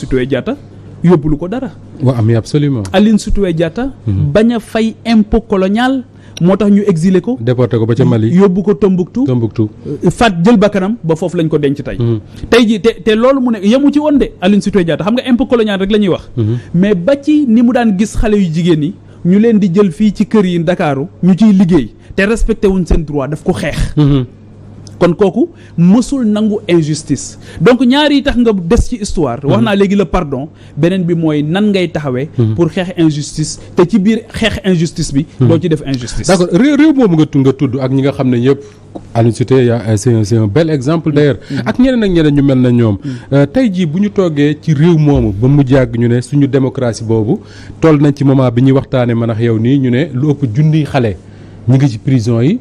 Sitoé Diatta lu ko dara. waaw mais absolument. Aline Sitoé Diatta. Mhm. bañ a fay impôt colonial. moo tax ñu exilé ko. déporté ko ba ca Mali yóbbu ko Tombouctou. Tombouctou euh, faat jël bakkanam ba foofu lañ ko denc tey. Mhm. tey jii te te loolu mu ne yemu ci woon de Aline Sitoé Diatta xam nga impôt colonial rek la ñuy wax. Mhm. mais ba ci ni mu daan gis xale yu jigéen yi ñu leen di jël fii ci kër yi Ndakaaru ñu ciy liggéey te respecté wuñ seen droit daf ko xeex. kon kooku mësul nangu injustice donc ñaari yi tax nga des ci histoire wax naa léegi le pardon beneen bi mooy nan ngay taxawee hmm. pour xeex injustice te ci biir xeex injustice bi hmm. doo ci def injustice d'accord réew réew moomu nga tudd ak ñi nga xam ne yëpp Aline Sitoé yaa euh, c'est un bel exemple d'ailleurs hmm. ak ñeneen ak ñeneen ñu mel na ñoom euh, tey jii bu ñu toogee ci réew moomu ba mu jàgg ñu ne suñu démocratie boobu toll nañ ci moment bi ñuy waxtaane mën ak yow nii ñu ne lu ëpp junniy xale ñu ngi ci prison yi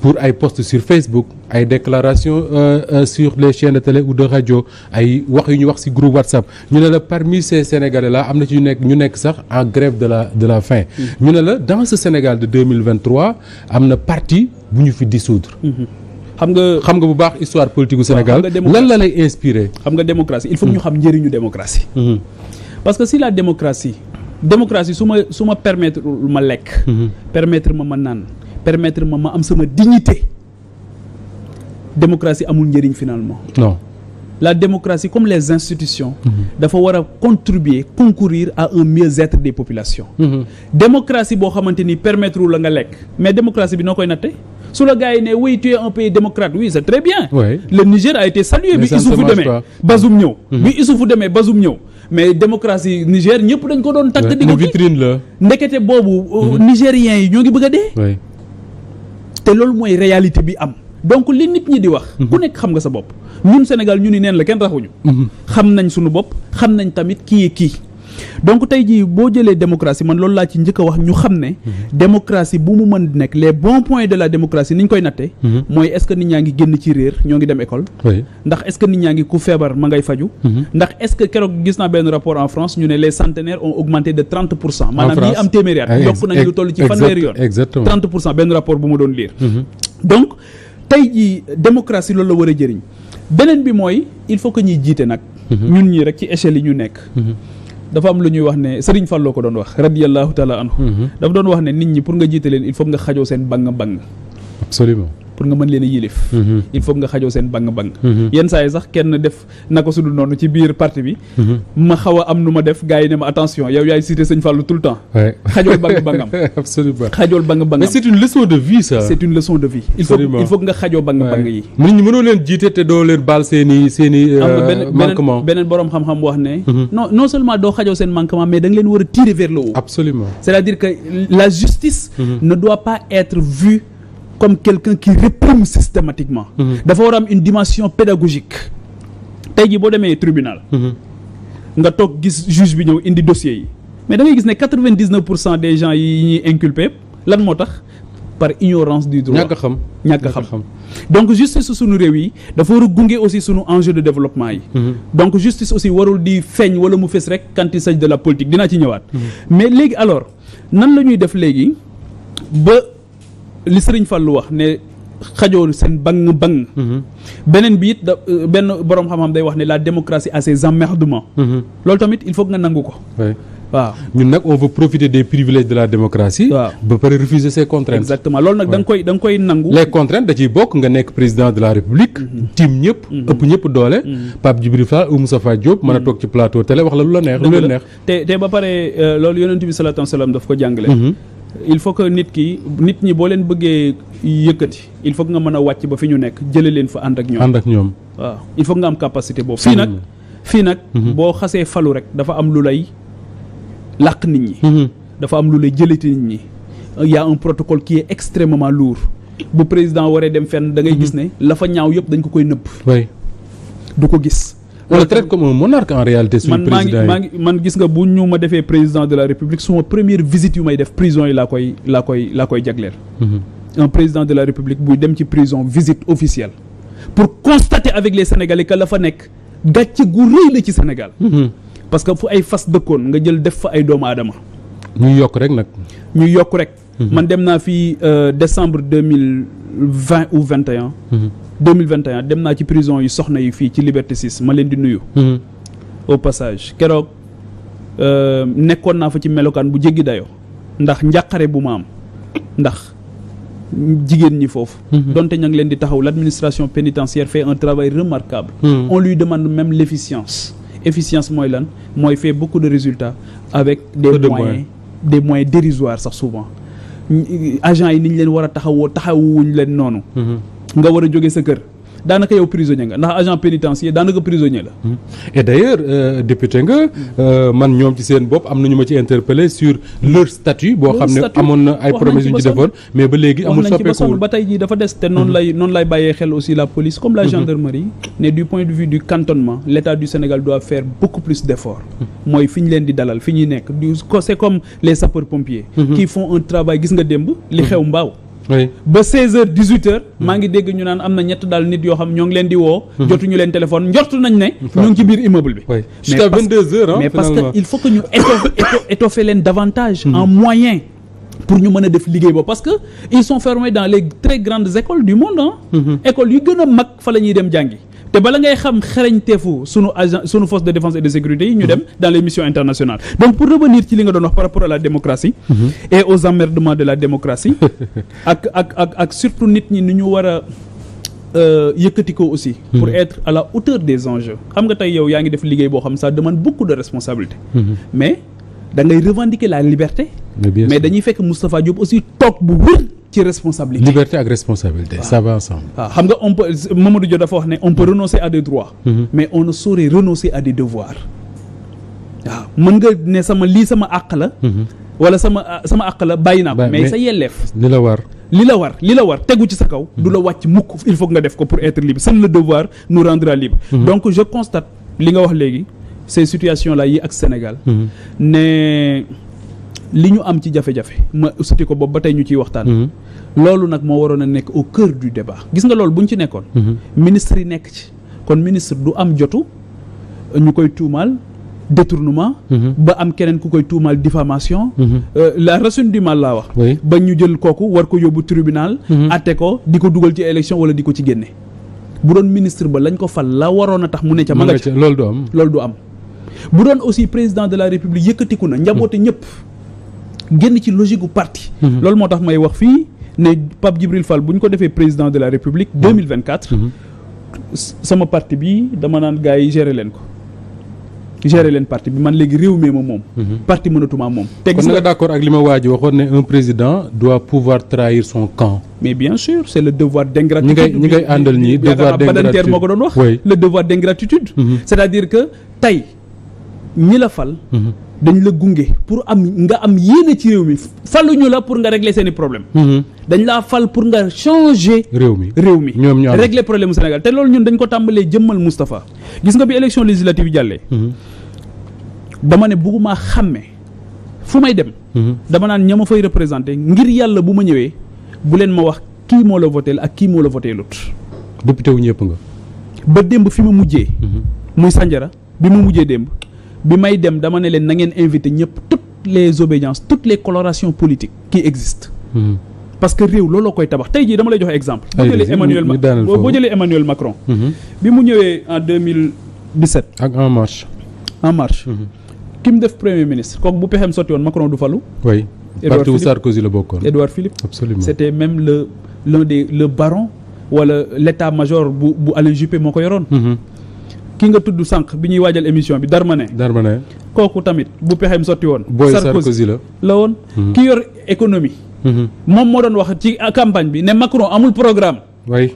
pour ay posts sur Facebook ay déclaration euh, euh, sur les chaînes de télé ou de radio ay wax yu ñu wax ci groupe WhatsApp ñu ne la parmi ces Sénégalais là am na ci ñu nekk ñu nekk sax en grève de la de la faim. Mm-hmm. ñu ne la dans ce Sénégal de 2023 am na parti bu ñu fi dissoudre. Mm-hmm. xam nga xam nga bu baax histoire politique gu Sénégal lan la lay inspiré. xam nga démocratie il faut ñu mm. xam njëriñu démocratie. Mm-hmm. parce que si la démocratie. démocratie su ma su ma permettre ma lekk. permettre ma ma naan. permettre ma ma am sama dignité démocratie amul njëriñ finalement non la démocratie comme les institutions mhm. dafa war a contribuer concourir à un mieux-être des populations mmh. démocratie boo xamante ni permettre la nga lekk mais démocratie bi noo koy natte su la gars ne oui tu un pays démocrate oui c'est très bien oui. Niger a été salué mhm. bi Issoufou Deme Bazoum ñëw bi Issoufou Deme Bazoum ñëw mais démocratie Niger ñëpp dañ ko doon tàkk di ko vitrine la ndekete euh, mhm. yi ñoo te loolu mooy réalité bi am donc li nit ñi di wax ku mhm. nekk xam nga sa bopp ñun Sénégal ñu ni neen la kenn raxuñu mhm. xam nañ suñu bopp xam nañ tamit kii kii donc tey jii boo jëlee démocratie man loolu laa ci njëkk a wax ñu xam ne démocratie bu mu mën di nekk les bons points de la démocratie ni ñu koy nattee mhm. mooy est que nit ñaa ngi génn ci réer ñoo ngi dem école ndax est nit ñaa ngi ku feebar ma ngay faju mhm. ndax est keroog gis naa benn rapport en France ñu ne les centenaires ont augmenté de trente pour cent maanaam ñi am téeméeri at ah yokk nañ toll ci fanweeri yoon exactement benn rapport bu ma doon lire mhm. donc dafa am lu ñuy wax ne Serigne Fallou ko doon wax radiyallahu taala an mm-hmm. dafa doon wax ne nit ñi pour nga jiite leen il faut nga xajoo seen bang bang absolument pour nga mën leen a yilif mm-hmm. il faut nga xajoo seen bang-bang mm-hmm. yenn saa yi sax kenn def naka sudul noonu ci biir parti bi mm-hmm. ma xaw am nu ma def gaa yi ne ma attention yow yaay cité sëñ Fallou tout le temps xajool bang-bangam xajoo bang-bang yi nit ñi mënoo leen jiite te doo leen baal seen i seen i manquement beneen borom xam-xam wax ne non non seulement doo xajoo seen manquement mais da nga leen war a vers le haut c'est-à-dire que la justice ne doit pas être vue comme quelqu'un qui réprime systématiquement mhm. dafa war a am une dimension pédagogique tey jii boo demee tribunal mhm. nga toog gis juge bi ñëw indi dossier yi mais da gis ne quatre vingt dix pour cent des gens yi ñuy inculpé lan moo tax par ignorance du droit ñàkk xam ñàkk xam donc justice suñu réew yi dafa war a gunge aussi suñu enjeu de développement yi mm -hmm. donc justice aussi warul di feeñ wala mu fës rek quand il s'agit de la politique dinaa ci ñëwaat mhm. mais léegi alors nan la ñuy def léegi li sëriñ lu wax ne xajoo seen bang bang mhm. beneen bi it da benn borom xam-xam day wax ne la démocratie a ses emmerdements mhm. loolu tamit il faut que nga nangu ko waaw ñun nag on veut profiter des privilèges de la démocratie. waaw ba pare refuser ses contraintes. exactement nag da nga koy da nga koy nangu. les contraintes da ciy bokk nga nekk président de la république. Mhm. tiim ñëpp. ëpp ñëpp doole. Pape Djibril Fall ou Moustapha mën a toog ci plateau télé wax la lu la neex. lu leen neex te te ba pare euh, loolu yonent daf ko jàngale. il faut que nit ki nit ñi boo leen bëggee yëkkati il faut que nga mën a wàcc ba fi ñu nekk jëlee leen fa ànd ak ñoom. ànd ak ñoom waaw il faut que nga am capacité boobu. fii nag fii nag. Mhm. boo xasee falu rek dafa am lu lay làq nit ñi. Mhm. dafa am lu lay jëlati nit ñi. y a un protocole qui est extrêmement bu président waree dem fenn da ngay mhm. gis ne la fa ñaaw yëpp dañ ko koy nëbb. du ko gis. on le traite comme un monarque en réalité. suñu man maa ngi man gis nga bu ñu ma defee président de la république suma première visite yu may def prison yi laa koy laa koy laa koy jagleel. Mhm. un président de la république buy dem ci prison visite officielle. pour constater avec les sénégalais que la fa nekk gàcce gu rëy la ci Sénégal. Mhm. parce que fu ay fas dëkkoon nga jël def fa ay doomu aadama. ñuy yokk rek nag. ñuy yokk rek. Mhm. man dem naa fii euh, décembre deux mille vingt ou vingt et mhm. mille vingt dem naa ci prison yi soxna yi fii ci Liberté 6 ma leen di nuyu. Mhm. au passage keroog euh, nekkoon naa fa ci melokaan bu jéggi dayoo ndax njàqare bu ma am ndax. jigéen ñi foofu donte ña ngi leen di taxaw l'administration pénitentiaire fait un travail remarquable mmh. on lui demande même l'efficience efficience mooy lan mooy fait beaucoup de résultat avec des moyens, moyens des moyens dérisoires sax souvent agent yi ni ñu leen war a taxawoo taxawuñ leen noonu. Mm-hmm. nga war a jóge sa kër. daanaka yow prisonnier nga ndax agent pénitentiaire daanaka prisonnier la. Hmm. et d' ailleurs euh, député nga hmm. euh, man ñoom ci seen bopp am na ñu ma ci interpellé sur leur statut. boo xam ne amoon na ay promesses yu ci defoon mais ba léegi amul soppeekuwul ba tey jii dafa des te noonu hmm. lay noonu lay bàyyee xel aussi la police comme la gendarmerie. ne du point de vue du cantonnement l' état du Sénégal doit faire beaucoup plus d' mooy fi ñu leen di dalal fi ñuy nekk du c' est comme les sapeurs pompiers. qui font un travail gis nga démb li xew mbaaw. ba 16 heures 18 heures hmm. maa ngi dégg ñu naan am na ñett daal nit yoo xam ñoo ngi leen di woo hmm. jotuñu leen téléphone njort nañ ne hmm. ñoo ngi ci biir immeuble bi jusqu'à mais parce que il faut que ñu étoffer leen davantage en moyen pour ñu mën a def liggéey boobu parce que ils sont fermés dans les très grandes écoles du monde ah écoles yu gën a mag fa la ñuy dem jàngi te bala ngay xam xarañteefu sunu agent sunu force de défense et de sécurité yi ñu mhm. dem dans les missions internationales donc pour revenir ci li nga doon wax par rapport à la démocratie mhm. et aux ak ak ak surtout nit ñi ni ñu war a euh, yëkkati ko aussi pour mhm. être à la hauteur des enjeux xam nga tey yow yaa ngi def liggéey boo xam ça demande beaucoup de responsabilité mais da ngay revendiquer la liberté mais dañuy fekk Moustapha Diop aussi toog bu wër ci responsabilité liberté ak responsabilité. ça va ensemble. waaw xam nga on peut Mamadou Dia dafa wax ne on peut hmm. renoncer à des droits. Hmm. mais on ne saurait renoncer à des devoirs. waaw mën nga ne sama lii sama àq la. Hmm. wala sama sama àq la bàyyi naa ko. mais sa yelleef li la war. li la war li la war tegu ci sa kaw. du la wàcc mukk il faut nga def ko pour être libre seul le devoir nous rendra libre. donc je constate li nga wax léegi ces situation là yi ak Sénégal. ne. li ñu am ci jafe-jafe ma soti ko boobu ba tey ñu ciy waxtaan. Mhm. loolu nag moo waroon a nekk au cœur du débat gis nga loolu bu ñu ci nekkoon. Mhm. ministre yi nekk ci kon ministre du am jotu ñu koy tuumaal. détournement mhm. ba am keneen ku koy tuumaal diffamation euh, la raison du mal laa wax ba ñu jël kooku war ko yóbbu tribunal atte ko di ko dugal ci élection wala di ko ci génne bu doon ministre ba lañ ko fal la waroon a tax mu ne ca ma nga loolu du am am bu doon aussi président de la république yëkkatiku na njaboote ñëpp génn ci logique gu parti. Mhm. loolu moo tax may wax fii ne Pape Djibril Fall bu ñu ko defee président de la République mhm. deux mille vingt quatre. Mhm. sama parti bi dama naan gars yi gérer leen ko. gérer leen parti bi man léegi réew mi ma moom. parti mënatuma moom. teg kon nga d' accord ak li ma waaj waxoon ne un président doit pouvoir trahir son camp. mais bien sûr c' est le devoir d' ñi ngay ñi ngay àndal ñii devoir d' ingratitude moo ko doon wax. le devoir d' ingratitude. c' est à dire que tey ñi la fal. dañu la gunge pour am nga am yéene ci réew mi faluñu la pour nga régler seeni problème mhm. dañ laa fal pour nga changer réew mi réew mi ñoom ñoo régler problème Sénégal te loolu ñun dañ ko tàmbalee jëmmal Moustapha gis nga bi élection législative jàllee mhm. dama ne bugguma xàmme fu may dem mhm. dama naan ña ma fay représenté ngir yàlla bu ma ñëwee bu leen ma wax kii moo la voté ak kii moo la voté lut député wu ñëpp nga ba démb fi ma mujjee muy Sandiara bi ma mujjee démb bi may dem dama ne leen na ngeen invité ñëpp toutes les obédiences toutes les colorations politiques qui existent mm. parce que réew looloo koy tabax tey jii dama lay joxe exemple boo jëlee Emmanuel boo jëlee Emmanuel Macron hmm. bi mu ñëwee en 2017 ak en marche en marche hmm. ki mu def premier ministre kooku bu pexem sotti woon Macron du falu oui parti wu Sarkozy la bokkoon Edouard Philippe absolument c'était le l'un des le baron wala l'état-major bu bu Alain Juppé moo ko yoroon hmm. ki nga tudd sànq bi ñuy waajal émission bi Darmanin. Darmanin kooku tamit bu pexeem sotti woon. Boy Sarkozy la la woon. Mhm. ki yor économie. Mhm. moom moo doon wax ci campagne bi ne Macron amul programme. oui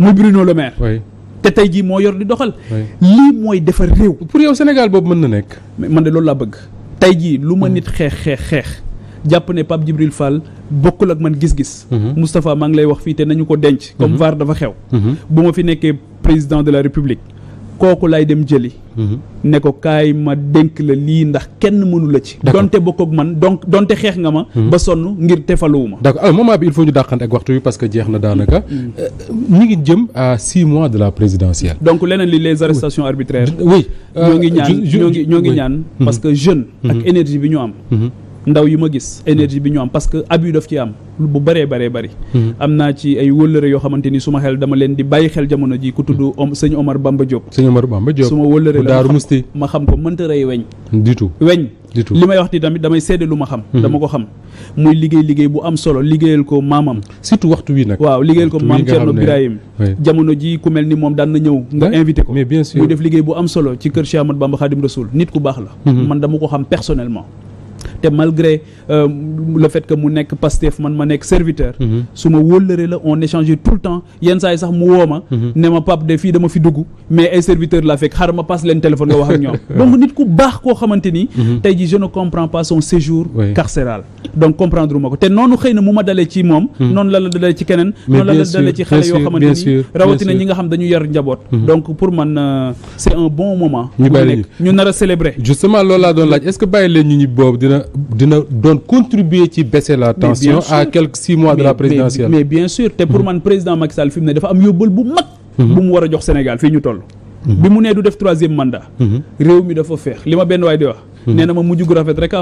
muy Bruno Le Maire. oui te tey jii moo yor di doxal. lii mooy defar réew. pour yow Sénégal boobu mën na nekk. man de loolu laa bëgg. tey jii lu ma mhm. nit xeex xeex xeex. jàpp ne pap Djibril Fall bokkul ak man gis-gis. Moustapha maa ngi lay wax fii te nañu ko denc. comme VAR dafa xew. bu ma fi nekkee président de la République. kooku lay dem jëli mhm. ne ko kaay ma dénk la lii ndax kenn mënu la ci donte bokkoog man donc donte xeex nga ma mhm. ba sonn ngir tefaluwu ma d'accord alors moment bi il faut ñu dàqante ak waxtu bi parce que jeex na daanaka mu mhm. euh, ngi jëm à six mois de la présidentielle donc leneen li les arrestations arbitraires oui euh, ñoo ngi ñaan ñoo ngi ñaan parce que jeune ak énergie bi ñu am ndaw yi ma gis énergie bi ñu am parce que abus daf ci am bu baree baree bari hmm. am naa ci ay wëllëre yoo xamante ni su ma xel dama leen di bàyyi xel jamono ji ku tudd hmm. om sëñ Omar Bamba Diop sëñ Omar Bamba Diop su ma wëllëre la ma xam ko mënta rey weñ du tout weñ li may wax ti tamit damay seede lu ma xam hmm. dama ko xam muy liggéey liggéey bu am solo liggéeyal ko maamam surtout waxtu wi nag waaw liggéeyal ko maam Thierno Birahim jamono ji ku mel ni moom daan na ñëw nga invité ko muy def liggéey bu am solo ci kër Cheikh Ahmadou Bamba Khadim nit ku baax la man dama ko xam personnellement te malgré euh, le mu nekk Pastef man ma nekk serviteur mhm. su ma wóllëre la on échange tout le temps yenn saa sax mu woo ma mhm. ne ma pap de fii dama fi dugg mais ay serviteur la fekk xaaral ma passe leen téléphone nga wax ñoom donc nit ku baax koo xamante ni mhm. tey ji comprends pas son séjour carcéral donc comprendre uma ko te noonu xëy na mu ma dalee ci moom noonu la dalee ci keneen noonu la dalee ci xale yoo xamante ni rawatina ñi nga xam dina doon contribuer ci baisser la tension à quelques six mois de la présidentielle mais bien sûr te pour mhm. man président Macky Sall mu ne dafa am yóbbal bu mag mhm. bu mu war a jox Sénégal fii ñu toll mhm. bi mu nee du def troisième mandat réew mi dafa feex li ma benn waay di wax nee ma mujj gu rafet rek am